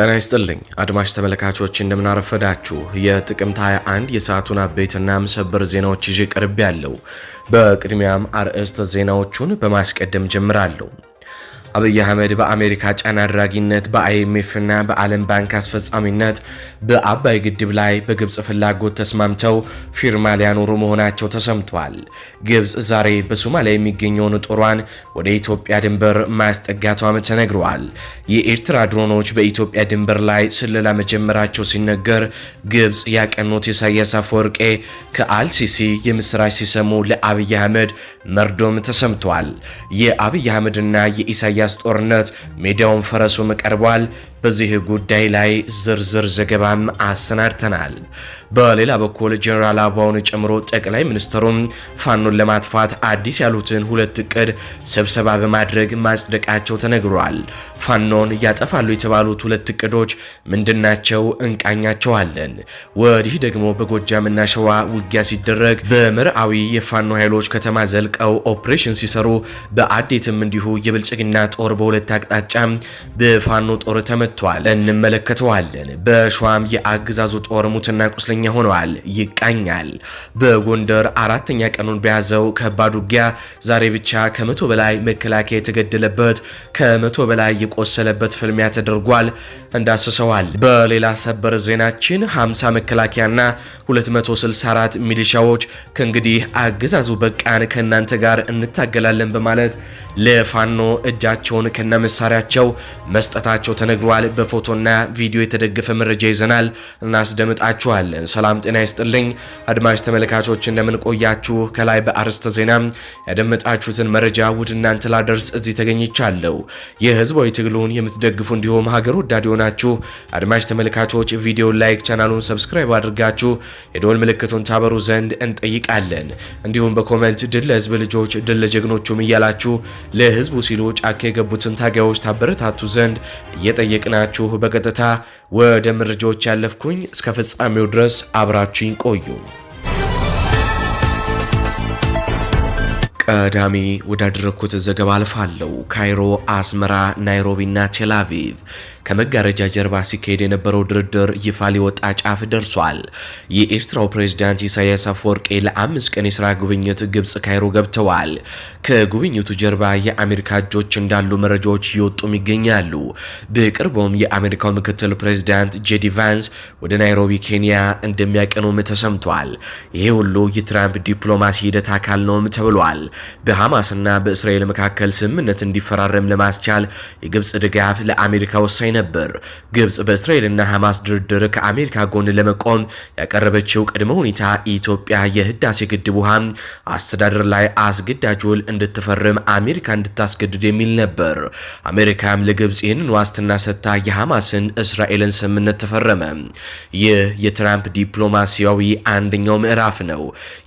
ጤና ይስጥልኝ አድማጭ ተመልካቾች፣ እንደምናረፈዳችሁ የጥቅምት 21 የሰዓቱን አበይትና ምሰበር ዜናዎች ይዤ ቀርቤ ያለው። በቅድሚያም አርዕስተ ዜናዎቹን በማስቀደም ጀምራለሁ። አብይ አህመድ በአሜሪካ ጫና አድራጊነት በአይኤምኤፍ እና በዓለም ባንክ አስፈጻሚነት በአባይ ግድብ ላይ በግብፅ ፍላጎት ተስማምተው ፊርማ ሊያኖሩ መሆናቸው ተሰምቷል። ግብፅ ዛሬ በሶማሊያ የሚገኘውን ጦሯን ወደ ኢትዮጵያ ድንበር ማስጠጋቷም ተነግረዋል። የኤርትራ ድሮኖች በኢትዮጵያ ድንበር ላይ ስለላ መጀመራቸው ሲነገር ግብፅ ያቀኑት ኢሳያስ አፈወርቄ ከአልሲሲ የምስራች ሲሰሙ ለአብይ አህመድ መርዶም ተሰምቷል። የአብይ አህመድና የኢሳያስ ጦርነት ሜዳውን ፈረሱም ቀርቧል። በዚህ ጉዳይ ላይ ዝርዝር ዘገባም አሰናድተናል። በሌላ በኩል ጀኔራል አበባውን ጨምሮ ጠቅላይ ሚኒስትሩም ፋኖን ለማጥፋት አዲስ ያሉትን ሁለት እቅድ ስብሰባ በማድረግ ማጽደቃቸው ተነግሯል። ፋኖን ያጠፋሉ የተባሉት ሁለት እቅዶች ምንድናቸው? እንቃኛቸዋለን። ወዲህ ደግሞ በጎጃምና ሸዋ ውጊያ ሲደረግ በምርአዊ የፋኖ ኃይሎች ከተማ ዘልቀው ኦፕሬሽን ሲሰሩ፣ በአዴትም እንዲሁ የብልጽግና ጦር በሁለት አቅጣጫ በፋኖ ጦር ተመ ተመቷል፣ እንመለከተዋለን። በሸዋም የአገዛዙ ጦር ሙትና ቁስለኛ ሆነዋል፣ ይቃኛል። በጎንደር አራተኛ ቀኑን በያዘው ከባድ ውጊያ ዛሬ ብቻ ከመቶ በላይ መከላከያ የተገደለበት ከመቶ በላይ የቆሰለበት ፍልሚያ ተደርጓል። እንዳስሰዋል። በሌላ ሰበር ዜናችን 50 መከላከያና 264 ሚሊሻዎች ከእንግዲህ አገዛዙ በቃን ከእናንተ ጋር እንታገላለን በማለት ለፋኖ እጃቸውን ከነ መሳሪያቸው መስጠታቸው ተነግሯል። በፎቶና ቪዲዮ የተደገፈ መረጃ ይዘናል፣ እናስደምጣችኋለን። ሰላም ጤና ይስጥልኝ አድማጭ ተመልካቾች እንደምንቆያችሁ። ከላይ በአርስተ ዜና ያደመጣችሁትን መረጃ ውድ እናንተ ላደርስ እዚህ ተገኝቻለሁ። የህዝባዊ ትግሉን የምትደግፉ እንዲሁም ሀገር ወዳድ ናችሁ አድማጭ ተመልካቾች ቪዲዮ ላይክ፣ ቻናሉን ሰብስክራይብ አድርጋችሁ የደወል ምልክቱን ታበሩ ዘንድ እንጠይቃለን። እንዲሁም በኮመንት ድል ለህዝብ ልጆች ድል ለጀግኖቹም እያላችሁ ለህዝቡ ሲሉ ጫካ የገቡትን ታጋዮች ታበረታቱ ዘንድ እየጠየቅናችሁ በቀጥታ ወደ መረጃዎች ያለፍኩኝ እስከ ፍጻሜው ድረስ አብራችሁኝ ቆዩ። ቀዳሚ ወዳደረግኩት ዘገባ አልፋለሁ። ካይሮ፣ አስመራ፣ ናይሮቢና ቴላቪቭ ከመጋረጃ ጀርባ ሲካሄድ የነበረው ድርድር ይፋ ሊወጣ ጫፍ ደርሷል። የኤርትራው ፕሬዝዳንት ኢሳያስ አፈወርቄ ለአምስት ቀን የስራ ጉብኝት ግብጽ ካይሮ ገብተዋል። ከጉብኝቱ ጀርባ የአሜሪካ እጆች እንዳሉ መረጃዎች እየወጡም ይገኛሉ። በቅርቡም የአሜሪካው ምክትል ፕሬዝዳንት ጄዲ ቫንስ ወደ ናይሮቢ ኬንያ እንደሚያቀኑም ተሰምቷል። ይሄ ሁሉ የትራምፕ ዲፕሎማሲ ሂደት አካል ነውም ተብሏል። በሐማስና በእስራኤል መካከል ስምምነት እንዲፈራረም ለማስቻል የግብጽ ድጋፍ ለአሜሪካ ወሳኝ ነበር። ግብጽ በእስራኤልና ሐማስ ድርድር ከአሜሪካ ጎን ለመቆም ያቀረበችው ቅድመ ሁኔታ ኢትዮጵያ የህዳሴ ግድብ ውሃ አስተዳደር ላይ አስገዳጅ ውል እንድትፈርም አሜሪካ እንድታስገድድ የሚል ነበር። አሜሪካም ለግብጽ ይህንን ዋስትና ሰጥታ የሐማስን እስራኤልን ስምምነት ተፈረመ። ይህ የትራምፕ ዲፕሎማሲያዊ አንደኛው ምዕራፍ ነው።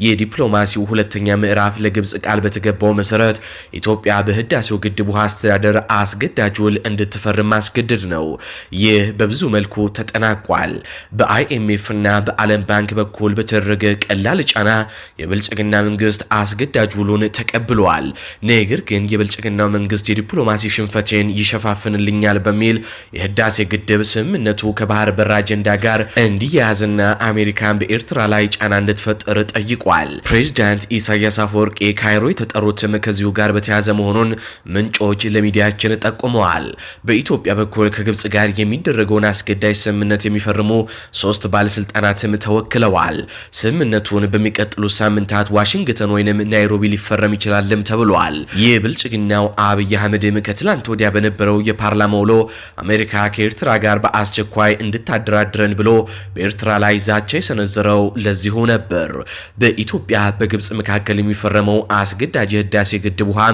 የዲፕሎማሲው ሁለተኛ ምዕራፍ ለግብጽ ቃል በተገባው መሰረት ኢትዮጵያ በህዳሴው ግድብ ውሃ አስተዳደር አስገዳጅ ውል እንድትፈርም አስገድድ ነው። ነው። ይህ በብዙ መልኩ ተጠናቋል። በአይኤምኤፍና በዓለም ባንክ በኩል በተደረገ ቀላል ጫና የብልጽግና መንግስት አስገዳጅ ውሉን ተቀብሏል። ነገር ግን የብልጽግናው መንግስት የዲፕሎማሲ ሽንፈቴን ይሸፋፍንልኛል በሚል የህዳሴ ግድብ ስምምነቱ ከባህር በር አጀንዳ ጋር እንዲያያዝና አሜሪካን በኤርትራ ላይ ጫና እንድትፈጥር ጠይቋል። ፕሬዚዳንት ኢሳያስ አፈወርቂ ካይሮ የተጠሩትም ከዚሁ ጋር በተያያዘ መሆኑን ምንጮች ለሚዲያችን ጠቁመዋል። በኢትዮጵያ በኩል ከግብጽ ጋር የሚደረገውን አስገዳጅ ስምምነት የሚፈርሙ ሶስት ባለስልጣናትም ተወክለዋል። ስምምነቱን በሚቀጥሉት ሳምንታት ዋሽንግተን ወይንም ናይሮቢ ሊፈረም ይችላልም ተብሏል። ይህ ብልጽግናው አብይ አህመድም ከትላንት ወዲያ በነበረው የፓርላማ ውሎ አሜሪካ ከኤርትራ ጋር በአስቸኳይ እንድታደራድረን ብሎ በኤርትራ ላይ ዛቻ የሰነዘረው ለዚሁ ነበር። በኢትዮጵያ በግብጽ መካከል የሚፈረመው አስገዳጅ የህዳሴ ግድብ ውሃ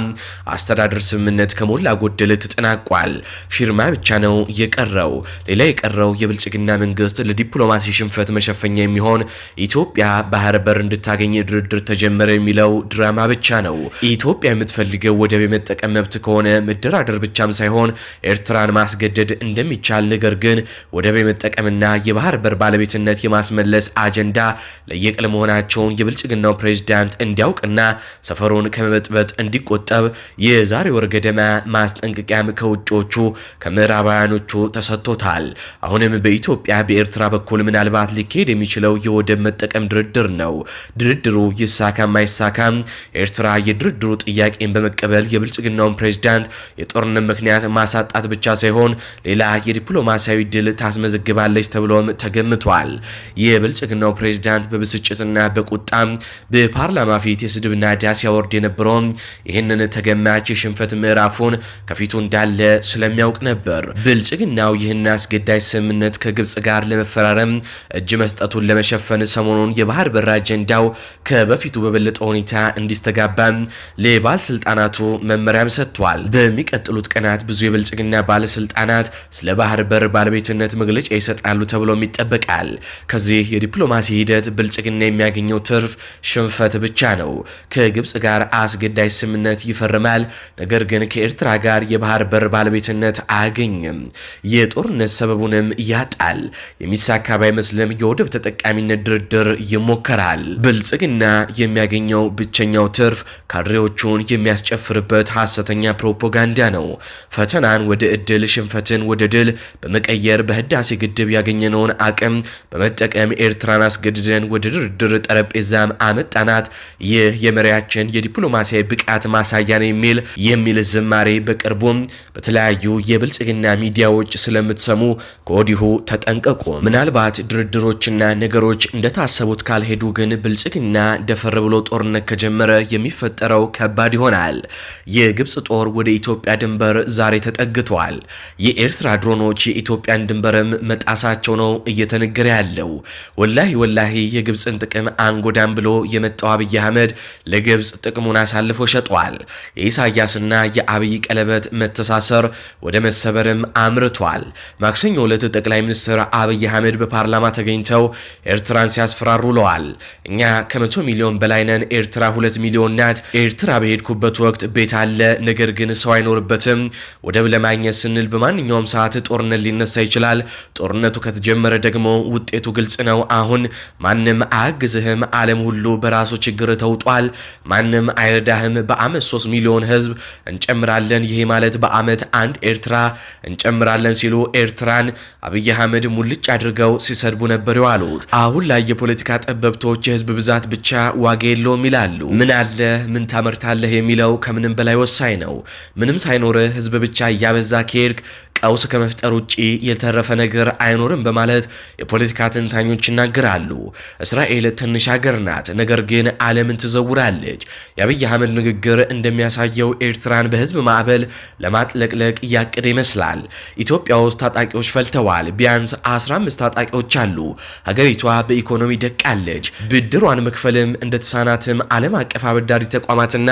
አስተዳደር ስምምነት ከሞላ ጎደል ተጠናቋል። ፊርማ ብቻ ነው ነው የቀረው። ሌላ የቀረው የብልጽግና መንግስት ለዲፕሎማሲ ሽንፈት መሸፈኛ የሚሆን ኢትዮጵያ ባህር በር እንድታገኝ ድርድር ተጀመረ የሚለው ድራማ ብቻ ነው። ኢትዮጵያ የምትፈልገው ወደብ የመጠቀም መብት ከሆነ መደራደር ብቻም ሳይሆን ኤርትራን ማስገደድ እንደሚቻል፣ ነገር ግን ወደብ የመጠቀምና የባህር በር ባለቤትነት የማስመለስ አጀንዳ ለየቅል መሆናቸውን የብልጽግናው ፕሬዚዳንት እንዲያውቅና ሰፈሩን ከመበጥበጥ እንዲቆጠብ የዛሬ ወር ገደማ ማስጠንቀቂያም ከውጮቹ ከምዕራባውያን ለአውሮፕላኖቹ ተሰጥቶታል። አሁንም በኢትዮጵያ በኤርትራ በኩል ምናልባት ሊካሄድ የሚችለው የወደብ መጠቀም ድርድር ነው። ድርድሩ ይሳካም አይሳካም ኤርትራ የድርድሩ ጥያቄን በመቀበል የብልጽግናውን ፕሬዚዳንት የጦርነት ምክንያት ማሳጣት ብቻ ሳይሆን ሌላ የዲፕሎማሲያዊ ድል ታስመዘግባለች ተብሎም ተገምቷል። የብልጽግናው ፕሬዚዳንት በብስጭትና በቁጣም በፓርላማ ፊት የስድብና ዳ ሲያወርድ የነበረውም ይህንን ተገማች የሽንፈት ምዕራፉን ከፊቱ እንዳለ ስለሚያውቅ ነበር። ብልጽግናው ይህን አስገዳጅ ስምምነት ከግብፅ ጋር ለመፈራረም እጅ መስጠቱን ለመሸፈን ሰሞኑን የባህር በር አጀንዳው ከበፊቱ በበለጠ ሁኔታ እንዲስተጋባ ለባለስልጣናቱ መመሪያም ሰጥቷል። በሚቀጥሉት ቀናት ብዙ የብልጽግና ባለስልጣናት ስለ ባህር በር ባለቤትነት መግለጫ ይሰጣሉ ተብሎም ይጠበቃል። ከዚህ የዲፕሎማሲ ሂደት ብልጽግና የሚያገኘው ትርፍ ሽንፈት ብቻ ነው። ከግብፅ ጋር አስገዳጅ ስምምነት ይፈርማል፣ ነገር ግን ከኤርትራ ጋር የባህር በር ባለቤትነት አያገኝም። የጦርነት ሰበቡንም ያጣል። የሚሳካ ባይመስልም የወደብ ተጠቃሚነት ድርድር ይሞከራል። ብልጽግና የሚያገኘው ብቸኛው ትርፍ ካድሬዎቹን የሚያስጨፍርበት ሐሰተኛ ፕሮፓጋንዳ ነው። ፈተናን ወደ እድል፣ ሽንፈትን ወደ ድል በመቀየር በህዳሴ ግድብ ያገኘነውን አቅም በመጠቀም ኤርትራን አስገድደን ወደ ድርድር ጠረጴዛም አመጣናት። ይህ የመሪያችን የዲፕሎማሲያዊ ብቃት ማሳያ ነው የሚል የሚል ዝማሬ በቅርቡም በተለያዩ የብልጽግና ሚዲያ ሚዲያዎች ስለምትሰሙ ከወዲሁ ተጠንቀቁ። ምናልባት ድርድሮችና ነገሮች እንደታሰቡት ካልሄዱ ግን ብልጽግና ደፈር ብሎ ጦርነት ከጀመረ የሚፈጠረው ከባድ ይሆናል። የግብፅ ጦር ወደ ኢትዮጵያ ድንበር ዛሬ ተጠግቷል። የኤርትራ ድሮኖች የኢትዮጵያን ድንበርም መጣሳቸው ነው እየተነገረ ያለው። ወላሂ ወላሂ የግብፅን ጥቅም አንጎዳም ብሎ የመጣው አብይ አህመድ ለግብፅ ጥቅሙን አሳልፎ ሸጧል። የኢሳያስና የአብይ ቀለበት መተሳሰር ወደ መሰበርም አ አምርቷል። ማክሰኞ ዕለት ጠቅላይ ሚኒስትር አብይ አህመድ በፓርላማ ተገኝተው ኤርትራን ሲያስፈራሩ ውለዋል። እኛ ከመቶ ሚሊዮን በላይ ነን፣ ኤርትራ ሁለት ሚሊዮን ናት። ኤርትራ በሄድኩበት ወቅት ቤት አለ፣ ነገር ግን ሰው አይኖርበትም። ወደብ ለማግኘት ስንል በማንኛውም ሰዓት ጦርነት ሊነሳ ይችላል። ጦርነቱ ከተጀመረ ደግሞ ውጤቱ ግልጽ ነው። አሁን ማንም አያግዝህም። ዓለም ሁሉ በራሱ ችግር ተውጧል። ማንም አይረዳህም። በአመት ሶስት ሚሊዮን ህዝብ እንጨምራለን። ይሄ ማለት በአመት አንድ ኤርትራ እንጨምራለን እንጀምራለን ሲሉ ኤርትራን አብይ አህመድ ሙልጭ አድርገው ሲሰድቡ ነበር የዋሉት። አሁን ላይ የፖለቲካ ጠበብቶች የህዝብ ብዛት ብቻ ዋጋ የለውም ይላሉ። ምን አለ ምን ታመርታለህ የሚለው ከምንም በላይ ወሳኝ ነው። ምንም ሳይኖርህ ህዝብ ብቻ እያበዛ ከሄድክ ቀውስ ከመፍጠር ውጭ የተረፈ ነገር አይኖርም በማለት የፖለቲካ ተንታኞች ይናገራሉ። እስራኤል ትንሽ ሀገር ናት፣ ነገር ግን ዓለምን ትዘውራለች። የአብይ አህመድ ንግግር እንደሚያሳየው ኤርትራን በህዝብ ማዕበል ለማጥለቅለቅ እያቀደ ይመስላል። ኢትዮጵያ ውስጥ ታጣቂዎች ፈልተዋል። ቢያንስ 15 ታጣቂዎች አሉ። ሀገሪቷ በኢኮኖሚ ደቃለች። ብድሯን መክፈልም እንደተሳናትም ዓለም አቀፍ አበዳሪ ተቋማትና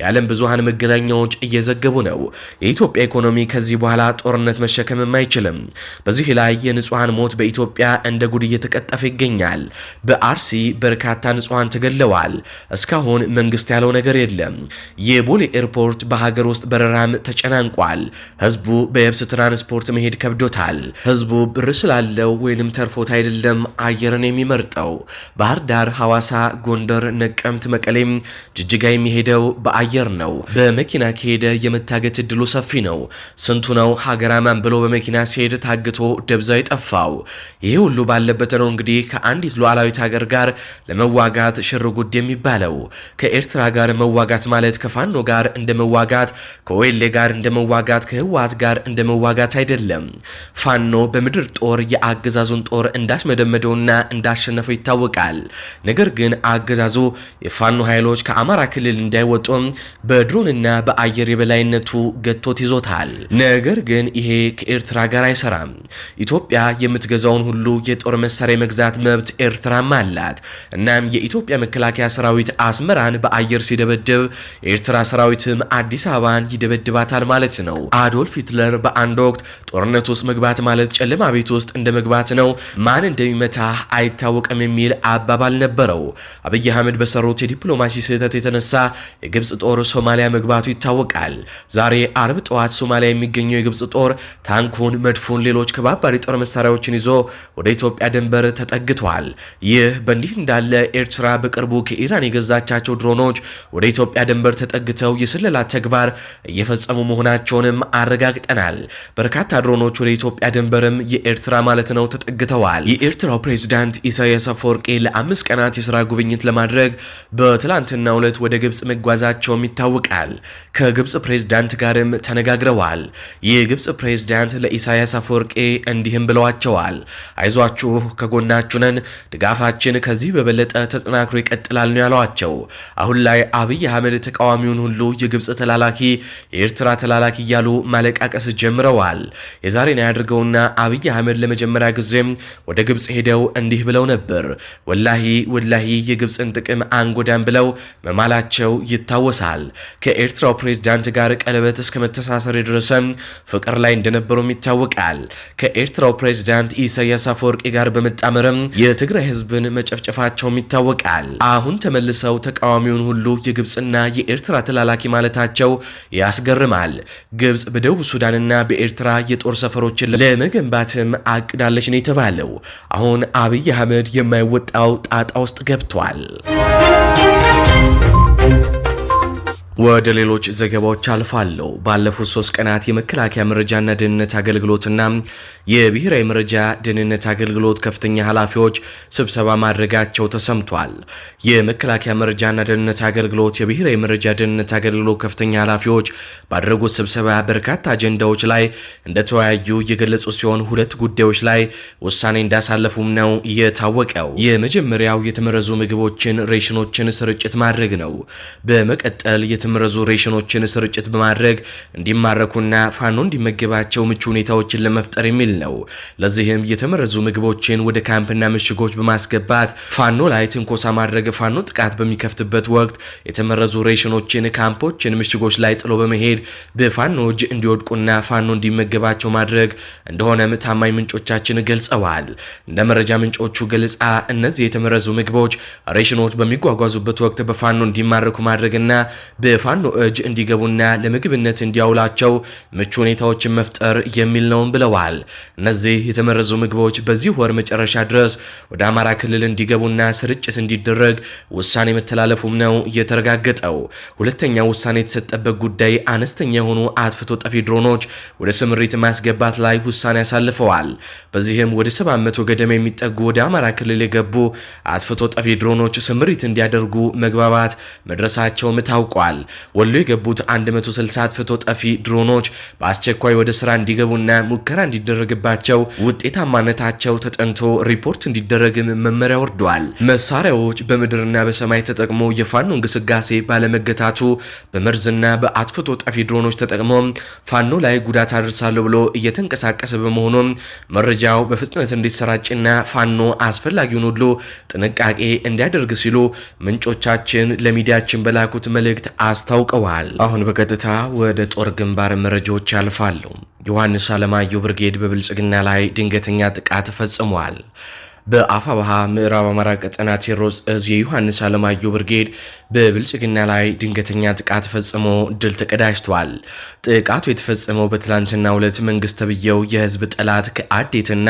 የዓለም ብዙሃን መገናኛዎች እየዘገቡ ነው። የኢትዮጵያ ኢኮኖሚ ከዚህ በኋላ ጦርነት መሸከምም አይችልም። በዚህ ላይ የንጹሐን ሞት በኢትዮጵያ እንደ ጉድ እየተቀጠፈ ይገኛል። በአርሲ በርካታ ንጹሐን ተገድለዋል። እስካሁን መንግስት ያለው ነገር የለም። የቦሌ ኤርፖርት በሀገር ውስጥ በረራም ተጨናንቋል። ህዝቡ በየብስ ትራ ትራንስፖርት መሄድ ከብዶታል። ህዝቡ ብር ስላለው ወይንም ተርፎት አይደለም አየርን የሚመርጠው። ባህር ዳር፣ ሐዋሳ፣ ጎንደር፣ ነቀምት፣ መቀሌም ጅጅጋ የሚሄደው በአየር ነው። በመኪና ከሄደ የመታገት እድሉ ሰፊ ነው። ስንቱ ነው ሀገራማን ብሎ በመኪና ሲሄድ ታግቶ ደብዛው የጠፋው። ይህ ሁሉ ባለበት ነው እንግዲህ ከአንዲት ሉዓላዊት ሀገር ጋር ለመዋጋት ሽርጉድ የሚባለው። ከኤርትራ ጋር መዋጋት ማለት ከፋኖ ጋር እንደመዋጋት ከወሌ ጋር እንደመዋጋት መዋጋት፣ ከህወሓት ጋር እንደመዋጋት መዋጋት አይደለም። ፋኖ በምድር ጦር የአገዛዙን ጦር እንዳሽመደመደውና እንዳሸነፈው ይታወቃል። ነገር ግን አገዛዙ የፋኖ ኃይሎች ከአማራ ክልል እንዳይወጡ በድሮንና በአየር የበላይነቱ ገቶት ይዞታል። ነገር ግን ይሄ ከኤርትራ ጋር አይሰራም። ኢትዮጵያ የምትገዛውን ሁሉ የጦር መሳሪያ መግዛት መብት ኤርትራም አላት። እናም የኢትዮጵያ መከላከያ ሰራዊት አስመራን በአየር ሲደበድብ፣ የኤርትራ ሰራዊትም አዲስ አበባን ይደበድባታል ማለት ነው። አዶልፍ ሂትለር በአንድ ወቅት ጦርነት ውስጥ መግባት ማለት ጨለማ ቤት ውስጥ እንደ መግባት ነው፣ ማን እንደሚመታ አይታወቅም የሚል አባባል ነበረው። አብይ አህመድ በሰሩት የዲፕሎማሲ ስህተት የተነሳ የግብፅ ጦር ሶማሊያ መግባቱ ይታወቃል። ዛሬ አርብ ጠዋት ሶማሊያ የሚገኘው የግብፅ ጦር ታንኩን፣ መድፉን፣ ሌሎች ከባባድ የጦር መሳሪያዎችን ይዞ ወደ ኢትዮጵያ ድንበር ተጠግቷል። ይህ በእንዲህ እንዳለ ኤርትራ በቅርቡ ከኢራን የገዛቻቸው ድሮኖች ወደ ኢትዮጵያ ድንበር ተጠግተው የስለላ ተግባር እየፈጸሙ መሆናቸውንም አረጋግጠናል። በርካታ ድሮኖች ወደ ኢትዮጵያ ድንበርም የኤርትራ ማለት ነው ተጠግተዋል። የኤርትራው ፕሬዚዳንት ኢሳያስ አፈወርቄ ለአምስት ቀናት የስራ ጉብኝት ለማድረግ በትላንትናው ዕለት ወደ ግብፅ መጓዛቸውም ይታወቃል። ከግብፅ ፕሬዚዳንት ጋርም ተነጋግረዋል። የግብፅ ፕሬዚዳንት ለኢሳያስ አፈወርቄ እንዲህም ብለዋቸዋል። አይዟችሁ፣ ከጎናችሁ ነን፣ ድጋፋችን ከዚህ በበለጠ ተጠናክሮ ይቀጥላል ነው ያሏቸው። አሁን ላይ አብይ አህመድ ተቃዋሚውን ሁሉ የግብፅ ተላላኪ፣ የኤርትራ ተላላኪ እያሉ ማለቃቀስ ጀምረዋል። ተናግረዋል። የዛሬን ያድርገውና አብይ አህመድ ለመጀመሪያ ጊዜም ወደ ግብፅ ሄደው እንዲህ ብለው ነበር። ወላሂ ወላሂ የግብፅን ጥቅም አንጎዳን ብለው መማላቸው ይታወሳል። ከኤርትራው ፕሬዝዳንት ጋር ቀለበት እስከ መተሳሰር የደረሰ ፍቅር ላይ እንደነበሩም ይታወቃል። ከኤርትራው ፕሬዝዳንት ኢሳያስ አፈወርቂ ጋር በመጣመርም የትግራይ ህዝብን መጨፍጨፋቸውም ይታወቃል። አሁን ተመልሰው ተቃዋሚውን ሁሉ የግብፅና የኤርትራ ተላላኪ ማለታቸው ያስገርማል። ግብፅ በደቡብ ሱዳንና በኤርትራ ኤርትራ የጦር ሰፈሮችን ለመገንባትም አቅዳለች ነው የተባለው። አሁን አብይ አህመድ የማይወጣው ጣጣ ውስጥ ገብቷል። ወደ ሌሎች ዘገባዎች አልፋለሁ። ባለፉት ሶስት ቀናት የመከላከያ መረጃና ደህንነት አገልግሎትና የብሔራዊ መረጃ ደህንነት አገልግሎት ከፍተኛ ኃላፊዎች ስብሰባ ማድረጋቸው ተሰምቷል። የመከላከያ መረጃና ደህንነት አገልግሎት የብሔራዊ መረጃ ደህንነት አገልግሎት ከፍተኛ ኃላፊዎች ባደረጉት ስብሰባ በርካታ አጀንዳዎች ላይ እንደተወያዩ እየገለጹ ሲሆን ሁለት ጉዳዮች ላይ ውሳኔ እንዳሳለፉም ነው የታወቀው። የመጀመሪያው የተመረዙ ምግቦችን ሬሽኖችን ስርጭት ማድረግ ነው። በመቀጠል የተ የተመረዙ ሬሽኖችን ስርጭት በማድረግ እንዲማረኩና ፋኖ እንዲመገባቸው ምቹ ሁኔታዎችን ለመፍጠር የሚል ነው። ለዚህም የተመረዙ ምግቦችን ወደ ካምፕና ምሽጎች በማስገባት ፋኖ ላይ ትንኮሳ ማድረግ፣ ፋኖ ጥቃት በሚከፍትበት ወቅት የተመረዙ ሬሽኖችን ካምፖችን፣ ምሽጎች ላይ ጥሎ በመሄድ በፋኖ እጅ እንዲወድቁና ፋኖ እንዲመገባቸው ማድረግ እንደሆነም ታማኝ ምንጮቻችን ገልጸዋል። እንደ መረጃ ምንጮቹ ገለጻ እነዚህ የተመረዙ ምግቦች ሬሽኖች በሚጓጓዙበት ወቅት በፋኖ እንዲማረኩ ማድረግና ፋኖ እጅ እንዲገቡና ለምግብነት እንዲያውላቸው ምቹ ሁኔታዎችን መፍጠር የሚል ነውም ብለዋል። እነዚህ የተመረዙ ምግቦች በዚህ ወር መጨረሻ ድረስ ወደ አማራ ክልል እንዲገቡና ስርጭት እንዲደረግ ውሳኔ መተላለፉም ነው የተረጋገጠው። ሁለተኛ ውሳኔ የተሰጠበት ጉዳይ አነስተኛ የሆኑ አጥፍቶ ጠፊ ድሮኖች ወደ ስምሪት ማስገባት ላይ ውሳኔ አሳልፈዋል። በዚህም ወደ 700 ገደማ የሚጠጉ ወደ አማራ ክልል የገቡ አጥፍቶ ጠፊ ድሮኖች ስምሪት እንዲያደርጉ መግባባት መድረሳቸውም ታውቋል። ወሎ የገቡት 160 አጥፍቶ ጠፊ ድሮኖች በአስቸኳይ ወደ ስራ እንዲገቡና ሙከራ እንዲደረግባቸው ውጤታማነታቸው ተጠንቶ ሪፖርት እንዲደረግም መመሪያ ወርደዋል። መሳሪያዎች በምድርና በሰማይ ተጠቅሞ የፋኖ እንቅስቃሴ ባለመገታቱ በመርዝና በአጥፍቶ ጠፊ ድሮኖች ተጠቅሞ ፋኖ ላይ ጉዳት አድርሳለሁ ብሎ እየተንቀሳቀሰ በመሆኑም መረጃው በፍጥነት እንዲሰራጭና ፋኖ አስፈላጊውን ሁሉ ጥንቃቄ እንዲያደርግ ሲሉ ምንጮቻችን ለሚዲያችን በላኩት መልእክት አስታውቀዋል። አሁን በቀጥታ ወደ ጦር ግንባር መረጃዎች ያልፋሉ። ዮሐንስ አለማየሁ ብርጌድ በብልጽግና ላይ ድንገተኛ ጥቃት ፈጽሟል። በአፋባሃ ምዕራብ አማራ ቀጠና ቴዎድሮስ እዝ የዮሐንስ አለማየሁ ብርጌድ በብልጽግና ላይ ድንገተኛ ጥቃት ፈጽሞ ድል ተቀዳጅቷል። ጥቃቱ የተፈጸመው በትላንትና ሁለት መንግስት ተብዬው የህዝብ ጠላት ከአዴትና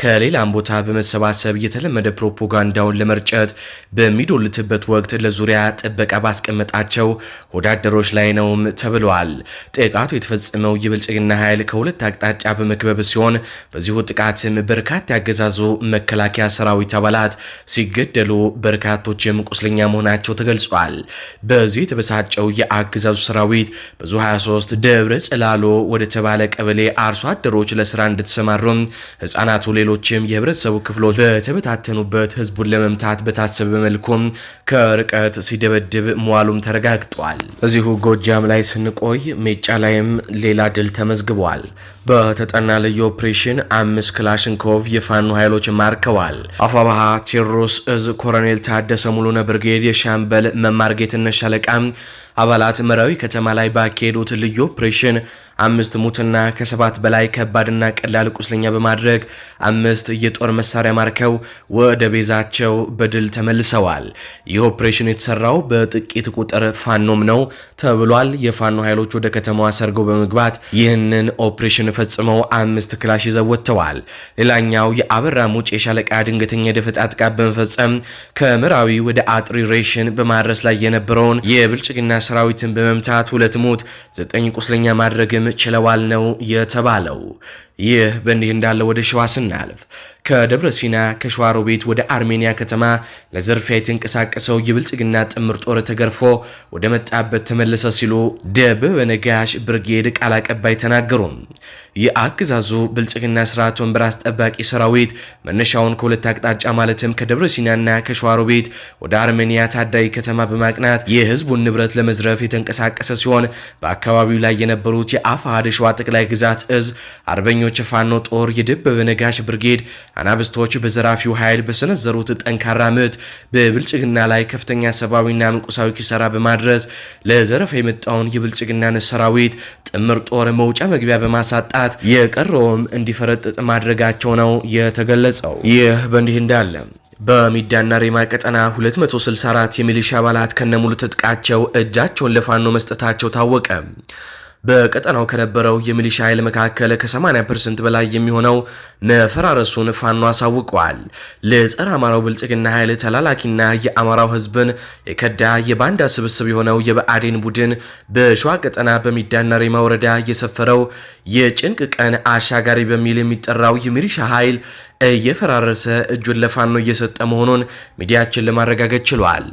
ከሌላም ቦታ በመሰባሰብ የተለመደ ፕሮፓጋንዳውን ለመርጨት በሚዶልትበት ወቅት ለዙሪያ ጥበቃ ባስቀመጣቸው ወዳደሮች ላይ ነውም ተብለዋል። ጥቃቱ የተፈጸመው የብልጽግና ኃይል ከሁለት አቅጣጫ በመክበብ ሲሆን በዚሁ ጥቃትም በርካታ ያገዛዙ መከላከያ ሰራዊት አባላት ሲገደሉ በርካቶችም ቁስለኛ መሆናቸው ተገልጿል። ገልጿል። በዚህ የተበሳጨው የአገዛዙ ሰራዊት ብዙ 23 ደብረ ጽላሎ ወደ ተባለ ቀበሌ አርሶ አደሮች ለስራ እንድትሰማሩ ህጻናቱ፣ ሌሎችም የህብረተሰቡ ክፍሎች በተበታተኑበት ህዝቡን ለመምታት በታሰበ መልኩም ከርቀት ሲደበድብ መዋሉም ተረጋግጧል። እዚሁ ጎጃም ላይ ስንቆይ ሜጫ ላይም ሌላ ድል ተመዝግቧል። በተጠና ልዩ ኦፕሬሽን አምስት ክላሽንኮቭ የፋኖ ኃይሎች ማርከዋል። አፋባሃ ቴዎድሮስ እዝ ኮሎኔል ታደሰ ሙሉነ ብርጌድ የሻምበል መማር ጌትነት ሻለቃ አባላት መራዊ ከተማ ላይ ባካሄዱት ልዩ ኦፕሬሽን አምስት ሙትና ከሰባት በላይ ከባድና ቀላል ቁስለኛ በማድረግ አምስት የጦር መሳሪያ ማርከው ወደ ቤዛቸው በድል ተመልሰዋል። ይህ ኦፕሬሽን የተሰራው በጥቂት ቁጥር ፋኖም ነው ተብሏል። የፋኖ ኃይሎች ወደ ከተማዋ ሰርገው በመግባት ይህንን ኦፕሬሽን ፈጽመው አምስት ክላሽ ይዘው ወጥተዋል። ሌላኛው የአበራ ሙጭ የሻለቃ ድንገተኛ የደፈጣ ጥቃት በመፈጸም ከምዕራዊ ወደ አጥሪ ሬሽን በማድረስ ላይ የነበረውን የብልጭግና ሰራዊትን በመምታት ሁለት ሙት ዘጠኝ ቁስለኛ ማድረግም ችለዋል ነው የተባለው። ይህ በእንዲህ እንዳለ ወደ ሸዋ ስናልፍ ከደብረ ሲና ቤት ወደ አርሜኒያ ከተማ ለዘርፊያ የተንቀሳቀሰው የብልጽግና ጥምር ጦር ተገርፎ ወደ መጣበት ተመለሰ ሲሉ ደበበ ነጋሽ ብርጌድ ቃል አቀባይ ተናገሩ። የአገዛዙ ብልጽግና ስርዓት ወንበር አስጠባቂ ሰራዊት መነሻውን ከሁለት አቅጣጫ ማለትም ከደብረ ሲናና ቤት ወደ አርሜኒያ ታዳጊ ከተማ በማቅናት የህዝቡን ንብረት ለመዝረፍ የተንቀሳቀሰ ሲሆን በአካባቢው ላይ የነበሩት የአፋሃደ ሸዋ ጠቅላይ ግዛት እዝ አርበኞ አርበኞች ፋኖ ጦር የደበበ ነጋሽ ብርጌድ አናብስቶች በዘራፊው ኃይል በሰነዘሩት ጠንካራ ምት በብልጽግና ላይ ከፍተኛ ሰብአዊና ምቁሳዊ ኪሰራ በማድረስ ለዘረፋ የመጣውን የብልጽግናን ሰራዊት ጥምር ጦር መውጫ መግቢያ በማሳጣት የቀረውም እንዲፈረጥጥ ማድረጋቸው ነው የተገለጸው። ይህ በእንዲህ እንዳለ በሚዳና ሬማ ቀጠና 264 የሚሊሻ አባላት ከነሙሉ ትጥቃቸው እጃቸውን ለፋኖ መስጠታቸው ታወቀ። በቀጠናው ከነበረው የሚሊሻ ኃይል መካከል ከ80 ፐርሰንት በላይ የሚሆነው መፈራረሱን ፋኖ አሳውቀዋል። ለጸረ አማራው ብልጽግና ኃይል ተላላኪና የአማራው ህዝብን የከዳ የባንዳ ስብስብ የሆነው የበአዴን ቡድን በሸዋ ቀጠና በሚዳና ሬማ ወረዳ የሰፈረው የጭንቅ ቀን አሻጋሪ በሚል የሚጠራው የሚሊሻ ኃይል እየፈራረሰ እጁን ለፋኖ እየሰጠ መሆኑን ሚዲያችን ለማረጋገጥ ችሏል።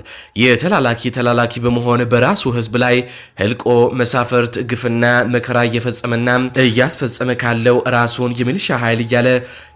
የተላላኪ ተላላኪ በመሆን በራሱ ህዝብ ላይ ህልቆ መሳፍርት ግፍና መከራ እየፈጸመና እያስፈጸመ ካለው ራሱን የሚልሻ ኃይል እያለ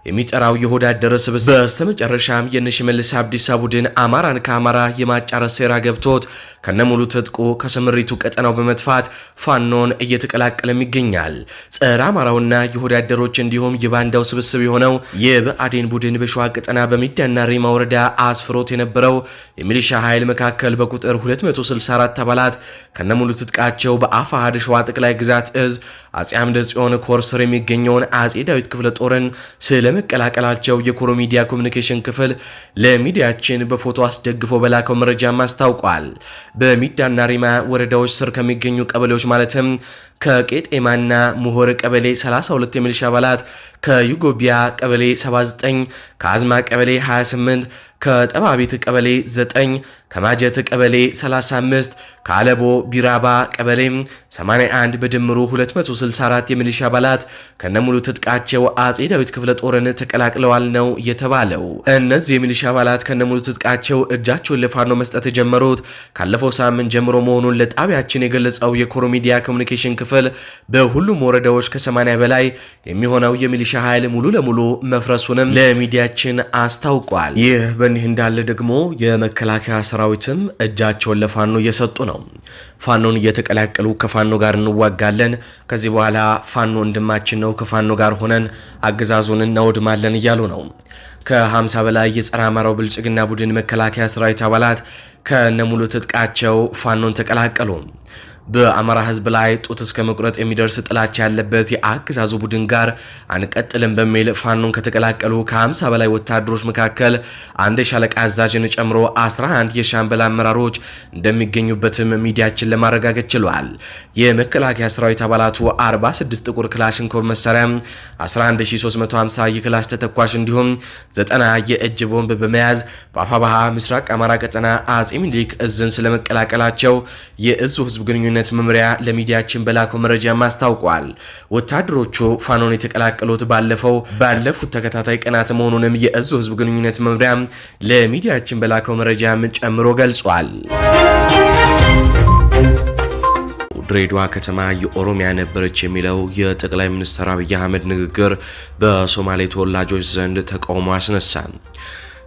የሚጠራው የሆድ አደረ ስብስብ በስተመጨረሻም የሽመልስ አብዲሳ ቡድን አማራን ከአማራ የማጫረስ ሴራ ገብቶት ከነሙሉ ትጥቁ ከስምሪቱ ቀጠናው በመጥፋት ፋኖን እየተቀላቀለም ይገኛል። ጸረ አማራውና የሆድ አደሮች እንዲሁም የባንዳው ስብስብ የሆነው የብአዴን ቡድን በሸዋ ቀጠና በሚዳና ሬማ ወረዳ አስፍሮት የነበረው የሚሊሻ ኃይል መካከል በቁጥር 264 አባላት ከነሙሉ ትጥቃቸው በአፋሃድ ሸዋ ጠቅላይ ግዛት እዝ አጼ አምደ ጽዮን ኮር ስር የሚገኘውን አጼ ዳዊት ክፍለ ጦርን ስለ በመቀላቀላቸው የኮሮ ሚዲያ ኮሚኒኬሽን ክፍል ለሚዲያችን በፎቶ አስደግፎ በላከው መረጃም አስታውቋል። በሚዳና ሪማ ወረዳዎች ስር ከሚገኙ ቀበሌዎች ማለትም ከቄጤማና ምሁር ቀበሌ 32 የሚሊሻ አባላት ከዩጎቢያ ቀበሌ 79 ከአዝማ ቀበሌ 28 ከጠባቢት ቀበሌ 9 ከማጀት ቀበሌ 35 ከአለቦ ቢራባ ቀበሌ 81 በድምሩ 264 የሚሊሻ አባላት ከነሙሉ ትጥቃቸው አጼ ዳዊት ክፍለ ጦርን ተቀላቅለዋል ነው የተባለው። እነዚህ የሚሊሻ አባላት ከነሙሉ ትጥቃቸው እጃቸውን ለፋኖ መስጠት የጀመሩት ካለፈው ሳምንት ጀምሮ መሆኑን ለጣቢያችን የገለጸው የኮሮ ሚዲያ ኮሚኒኬሽን ክፍል በሁሉም ወረዳዎች ከ80 በላይ የሚሆነው የሚሊሻ ኃይል ሙሉ ለሙሉ መፍረሱንም ለሚዲያችን አስታውቋል። ይህ በእንዲህ እንዳለ ደግሞ የመከላከያ ሰራዊትም እጃቸውን ለፋኖ እየሰጡ ነው። ፋኖን እየተቀላቀሉ ከፋኖ ጋር እንዋጋለን፣ ከዚህ በኋላ ፋኖ ወንድማችን ነው፣ ከፋኖ ጋር ሆነን አገዛዙን እናወድማለን እያሉ ነው። ከ50 በላይ የጸረ አማራው ብልጽግና ቡድን መከላከያ ሰራዊት አባላት ከነሙሉ ትጥቃቸው ፋኖን ተቀላቀሉ። በአማራ ህዝብ ላይ ጡት እስከ መቁረጥ የሚደርስ ጥላቻ ያለበት የአገዛዙ ቡድን ጋር አንቀጥልም በሚል ፋኖን ከተቀላቀሉ ከ50 በላይ ወታደሮች መካከል አንድ የሻለቃ አዛዥን ጨምሮ 11 የሻምበል አመራሮች እንደሚገኙበትም ሚዲያችን ለማረጋገጥ ችሏል። የመከላከያ ሰራዊት አባላቱ 46 ጥቁር ክላሽንኮቭ መሳሪያ፣ 11350 የክላሽ ተተኳሽ እንዲሁም 90 የእጅ ቦምብ በመያዝ በአፋባሃ ምስራቅ አማራ ቀጠና አጼ ሚኒሊክ እዝን ስለመቀላቀላቸው የእዙ ህዝብ ግንኙነት ግንኙነት መምሪያ ለሚዲያችን በላከው መረጃም አስታውቋል። ወታደሮቹ ፋኖን የተቀላቀሉት ባለፈው ባለፉት ተከታታይ ቀናት መሆኑንም የእዙ ህዝብ ግንኙነት መምሪያ ለሚዲያችን በላከው መረጃም ጨምሮ ገልጿል። ድሬዳዋ ከተማ የኦሮሚያ ነበረች የሚለው የጠቅላይ ሚኒስትር አብይ አህመድ ንግግር በሶማሌ ተወላጆች ዘንድ ተቃውሞ አስነሳ።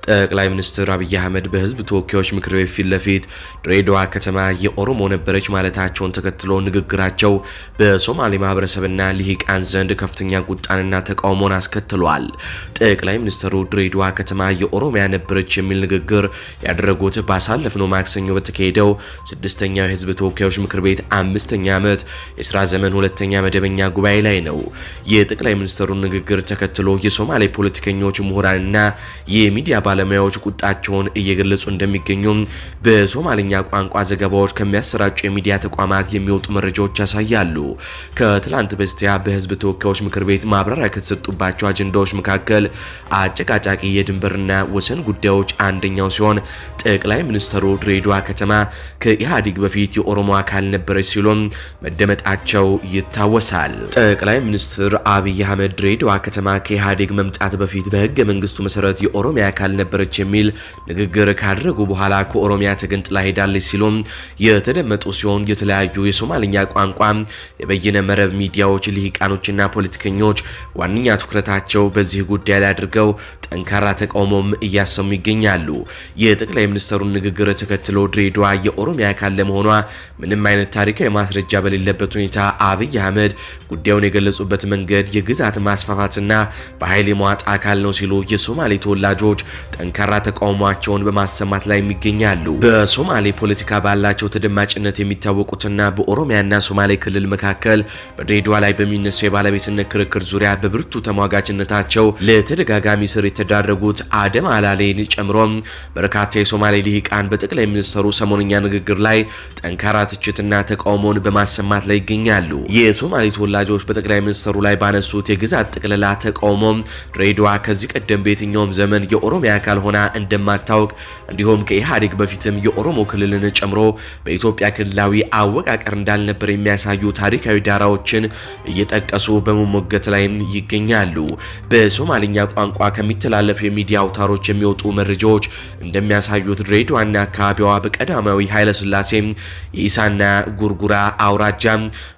ጠቅላይ ሚኒስትር አብይ አህመድ በህዝብ ተወካዮች ምክር ቤት ፊት ለፊት ድሬዳዋ ከተማ የኦሮሞ ነበረች ማለታቸውን ተከትሎ ንግግራቸው በሶማሌ ማህበረሰብና ሊሂቃን ዘንድ ከፍተኛ ቁጣንና ተቃውሞን አስከትሏል። ጠቅላይ ሚኒስትሩ ድሬዳዋ ከተማ የኦሮሚያ ነበረች የሚል ንግግር ያደረጉት ባሳለፍነው ማክሰኞ በተካሄደው ስድስተኛው የህዝብ ተወካዮች ምክር ቤት አምስተኛ ዓመት የስራ ዘመን ሁለተኛ መደበኛ ጉባኤ ላይ ነው። የጠቅላይ ሚኒስትሩን ንግግር ተከትሎ የሶማሌ ፖለቲከኞች፣ ምሁራንና የሚዲያ ባለሙያዎች ቁጣቸውን እየገለጹ እንደሚገኙ በሶማልኛ ቋንቋ ዘገባዎች ከሚያሰራጩ የሚዲያ ተቋማት የሚወጡ መረጃዎች ያሳያሉ። ከትላንት በስቲያ በህዝብ ተወካዮች ምክር ቤት ማብራሪያ ከተሰጡባቸው አጀንዳዎች መካከል አጨቃጫቂ የድንበርና ወሰን ጉዳዮች አንደኛው ሲሆን ጠቅላይ ሚኒስትሩ ድሬዳዋ ከተማ ከኢህአዴግ በፊት የኦሮሞ አካል ነበረች ሲሉም መደመጣቸው ይታወሳል። ጠቅላይ ሚኒስትር አብይ አህመድ ድሬዳዋ ከተማ ከኢህአዴግ መምጣት በፊት በህገ መንግስቱ መሰረት የኦሮሚያ አካል ነበረች የሚል ንግግር ካደረጉ በኋላ ከኦሮሚያ ተገንጥላ ሄዳለች ሲሉም የተደመጡ ሲሆን የተለያዩ የሶማልኛ ቋንቋ የበይነ መረብ ሚዲያዎች ልሂቃኖችና ፖለቲከኞች ዋነኛ ትኩረታቸው በዚህ ጉዳይ ላይ አድርገው ጠንካራ ተቃውሞም እያሰሙ ይገኛሉ። የጠቅላይ ሚኒስትሩን ንግግር ተከትሎ ድሬዳዋ የኦሮሚያ አካል ለመሆኗ ምንም አይነት ታሪካዊ ማስረጃ በሌለበት ሁኔታ አብይ አህመድ ጉዳዩን የገለጹበት መንገድ የግዛት ማስፋፋትና በኃይል የመዋጥ አካል ነው ሲሉ የሶማሌ ተወላጆች ጠንካራ ተቃውሟቸውን በማሰማት ላይ ይገኛሉ። በሶማሌ ፖለቲካ ባላቸው ተደማጭነት የሚታወቁትና በኦሮሚያና ሶማሌ ክልል መካከል በድሬዳዋ ላይ በሚነሳው የባለቤትነት ክርክር ዙሪያ በብርቱ ተሟጋችነታቸው ለተደጋጋሚ ስር የተዳረጉት አደም አላሌን ጨምሮ በርካታ የሶማሌ ልሂቃን በጠቅላይ ሚኒስትሩ ሰሞንኛ ንግግር ላይ ጠንካራ ትችትና ተቃውሞን በማሰማት ላይ ይገኛሉ። የሶማሌ ተወላጆች በጠቅላይ ሚኒስትሩ ላይ ባነሱት የግዛት ጥቅልላ ተቃውሞ ድሬዳዋ ከዚህ ቀደም በየትኛውም ዘመን የኦሮሚያ አካል ሆና እንደማታወቅ እንዲሁም ከኢህአዴግ በፊትም የኦሮሞ ክልልን ጨምሮ በኢትዮጵያ ክልላዊ አወቃቀር እንዳልነበር የሚያሳዩ ታሪካዊ ዳራዎችን እየጠቀሱ በመሞገት ላይም ይገኛሉ። በሶማልኛ ቋንቋ ከሚተላለፉ የሚዲያ አውታሮች የሚወጡ መረጃዎች እንደሚያሳዩት ድሬዳዋና አካባቢዋ በቀዳማዊ ኃይለስላሴ የኢሳና ጉርጉራ አውራጃ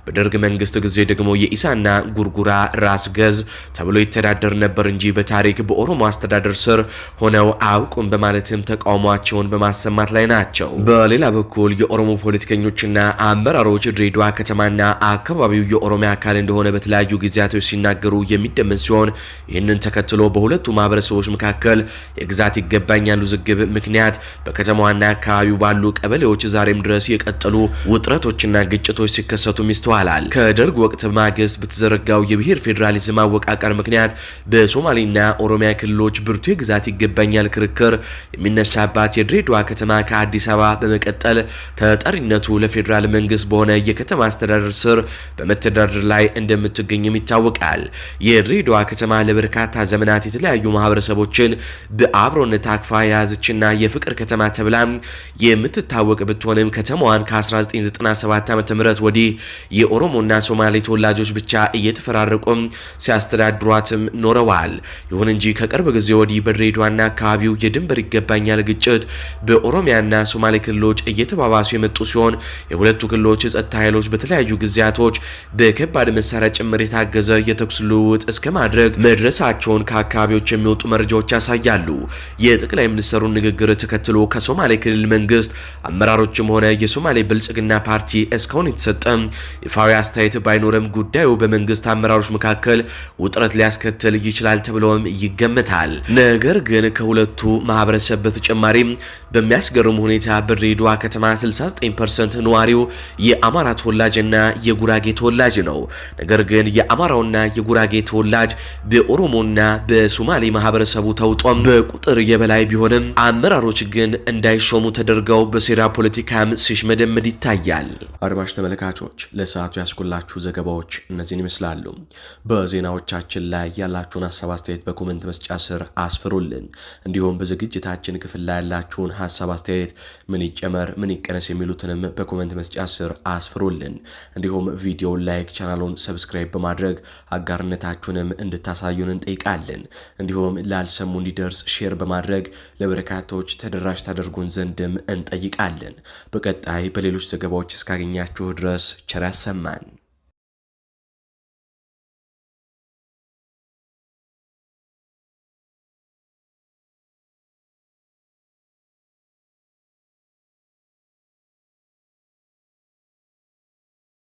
በደርግ መንግስት ጊዜ ደግሞ የኢሳና ጉርጉራ ራስ ገዝ ተብሎ ይተዳደር ነበር እንጂ በታሪክ በኦሮሞ አስተዳደር ስር ሆነው አያውቁም በማለትም ተቃውሟቸውን በማሰማት ላይ ናቸው። በሌላ በኩል የኦሮሞ ፖለቲከኞችና አመራሮች ድሬዳዋ ከተማና አካባቢው የኦሮሚያ አካል እንደሆነ በተለያዩ ጊዜያቶች ሲናገሩ የሚደመን ሲሆን ይህንን ተከትሎ በሁለቱ ማህበረሰቦች መካከል የግዛት ይገባኛል ውዝግብ ምክንያት በከተማዋና አካባቢው ባሉ ቀበሌዎች ዛሬም ድረስ የቀጠሉ ውጥረቶችና ግጭቶች ሲከሰቱ ሚስተዋል ይስተዋላል። ከደርግ ወቅት ማግስት በተዘረጋው የብሔር ፌዴራሊዝም አወቃቀር ምክንያት በሶማሌና ኦሮሚያ ክልሎች ብርቱ የግዛት ይገባኛል ክርክር የሚነሳባት የድሬዳዋ ከተማ ከአዲስ አበባ በመቀጠል ተጠሪነቱ ለፌዴራል መንግስት በሆነ የከተማ አስተዳደር ስር በመተዳደር ላይ እንደምትገኝም ይታወቃል። የድሬዳዋ ከተማ ለበርካታ ዘመናት የተለያዩ ማህበረሰቦችን በአብሮነት አቅፋ የያዘችና የፍቅር ከተማ ተብላ የምትታወቅ ብትሆንም ከተማዋን ከ1997 ዓ ም ወዲህ የኦሮሞና ሶማሌ ተወላጆች ብቻ እየተፈራረቁም ሲያስተዳድሯትም ኖረዋል። ይሁን እንጂ ከቅርብ ጊዜ ወዲህ በድሬዳዋና አካባቢው የድንበር ይገባኛል ግጭት በኦሮሚያና ሶማሌ ክልሎች እየተባባሱ የመጡ ሲሆን የሁለቱ ክልሎች የጸጥታ ኃይሎች በተለያዩ ጊዜያቶች በከባድ መሳሪያ ጭምር የታገዘ የተኩስ ልውውጥ እስከ ማድረግ መድረሳቸውን ከአካባቢዎች የሚወጡ መረጃዎች ያሳያሉ። የጠቅላይ ሚኒስትሩን ንግግር ተከትሎ ከሶማሌ ክልል መንግስት አመራሮችም ሆነ የሶማሌ ብልጽግና ፓርቲ እስካሁን የተሰጠ ይፋዊ አስተያየት ባይኖርም ጉዳዩ በመንግስት አመራሮች መካከል ውጥረት ሊያስከትል ይችላል ተብሎም ይገመታል። ነገር ግን ከሁለቱ ማህበረሰብ በተጨማሪም በሚያስገርም ሁኔታ በድሬዳዋ ከተማ 69% ነዋሪው የአማራ ተወላጅና የጉራጌ ተወላጅ ነው። ነገር ግን የአማራውና የጉራጌ ተወላጅ በኦሮሞና በሶማሌ ማህበረሰቡ ተውጦም በቁጥር የበላይ ቢሆንም አመራሮች ግን እንዳይሾሙ ተደርገው በሴራ ፖለቲካም ሲሽመደመድ ይታያል። አድማጭ ተመልካቾች ለሰዓቱ ያስኩላችሁ ዘገባዎች እነዚህን ይመስላሉ። በዜናዎቻችን ላይ ያላችሁን ሀሳብ አስተያየት በኮመንት መስጫ ስር አስፍሩልን። እንዲሁም በዝግጅታችን ክፍል ላይ ያላችሁን ሀሳብ አስተያየት፣ ምን ይጨመር ምን ይቀነስ የሚሉትንም በኮመንት መስጫ ስር አስፍሩልን። እንዲሁም ቪዲዮ ላይክ፣ ቻናሉን ሰብስክራይብ በማድረግ አጋርነታችሁንም እንድታሳዩን እንጠይቃለን። እንዲሁም ላልሰሙ እንዲደርስ ሼር በማድረግ ለበርካቶች ተደራሽ ታደርጉን ዘንድም እንጠይቃለን። በቀጣይ በሌሎች ዘገባዎች እስካገኛችሁ ድረስ ቸር ያሰማን።